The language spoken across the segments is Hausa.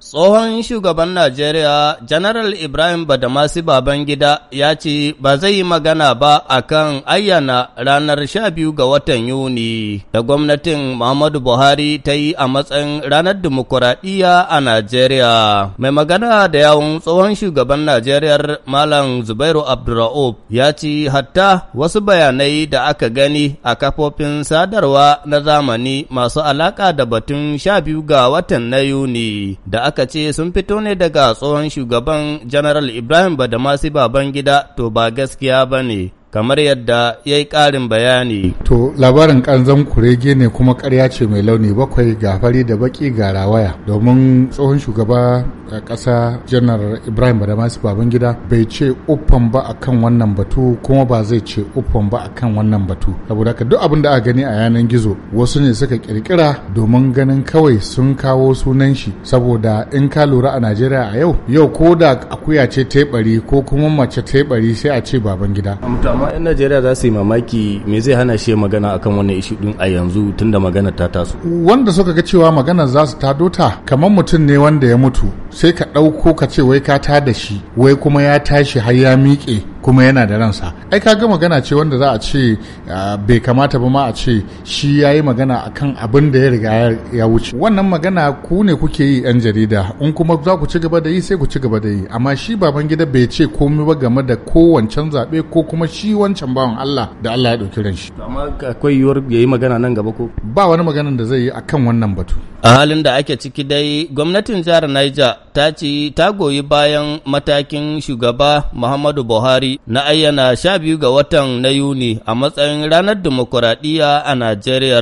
Tsohon shugaban Najeriya, Janaral Ibrahim Badamasi Babangida ya ce ba zai yi magana ba a kan ayyana ranar sha biyu ga watan Yuni da gwamnatin Muhammadu Buhari ta yi a matsayin ranar dimokuraɗiyya a Najeriya. Mai magana da yawun tsohon shugaban Najeriya Malam Zubairu Abdurra'ub ya ce hatta wasu bayanai da aka gani a kafofin sadarwa na zamani masu alaƙa da batun sha ga watan na Yuni da aka ce sun fito ne daga tsohon shugaban janaral Ibrahim Badamasi Babangida to ba gaskiya ba ne. kamar yadda ya yi ƙarin bayani. To labarin ƙanzan kurege ne kuma ƙarya ce mai launi bakwai ga fari da baki ga rawaya domin tsohon shugaba a ƙasa janar Ibrahim Badamasi gida bai ce uffan ba a kan wannan batu kuma ba zai ce uffan ba a kan wannan batu. Saboda haka duk abin da aka gani a yanar gizo wasu ne suka ƙirƙira domin ganin kawai sun kawo sunan shi saboda in ka lura a Najeriya a yau yau ko da akuya ce teɓari ko kuma mace teɓari sai a ce Babangida. amma yan najeriya za su yi mamaki me zai hana shi magana akan wannan ishu din a yanzu tunda magana ta taso wanda suka ga cewa magana za su tado ta kamar mutum ne wanda ya mutu sai ka ɗauko ka ce wai ka ta da shi wai kuma ya tashi har ya miƙe kuma yana da ransa ai ka ga magana ce wanda za a ce bai kamata ba ma a ce shi ya yi magana akan abin da ya riga ya wuce wannan magana ku ne kuke yi yan jarida in kuma za ku ci gaba da yi sai ku ci gaba da yi amma shi baban gida bai ce komai ba game da kowancan zaɓe ko kuma shi wancan bawan Allah da Allah ya ɗauki ran shi amma akwai yiwuwar ya yi magana nan gaba ko ba wani maganan da zai yi akan wannan batu a halin da ake ciki dai gwamnatin jihar Niger ta ce ta goyi bayan matakin shugaba Muhammadu Buhari na ayyana sha biyu ga watan na Yuni a matsayin ranar dimokuraɗiyya a Najeriya.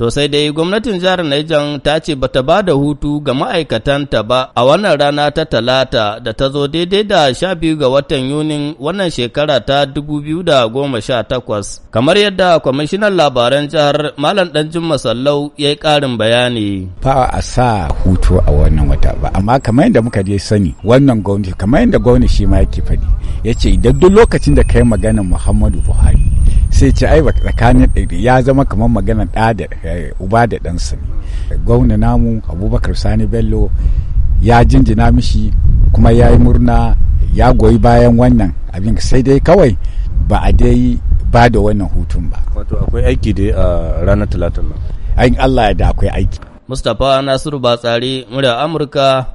To sai dai gwamnatin jihar Niger ta ce ba ta ba da hutu ga ma'aikatanta ba a wannan rana ta talata da ta zo daidai da sha biyu ga watan Yunin wannan shekara ta dubu biyu da goma sha takwas. Kamar yadda kwamishinan labaran jihar Malam Ɗanjin Masallau ya yi ƙarin bayani. Ba a sa hutu a wannan wata ba, amma kamar yadda muka dai sani wannan gwamnati kamar yadda gwamnati shi ma yake faɗi ya ce idan duk lokacin da yi maganar muhammadu buhari sai ce ai tsakanin ya zama kamar maganar ɗa da eh, uba da ɗansa ne gwamna namu abubakar sani bello ya jinjina mishi kuma ya yi murna ya goyi bayan wannan abin sai dai kawai ba a dai ba da wannan hutun ba wato akwai aiki dai a ranar talatin nan ayin allah ya da akwai aiki mustapha nasiru batsari murya amurka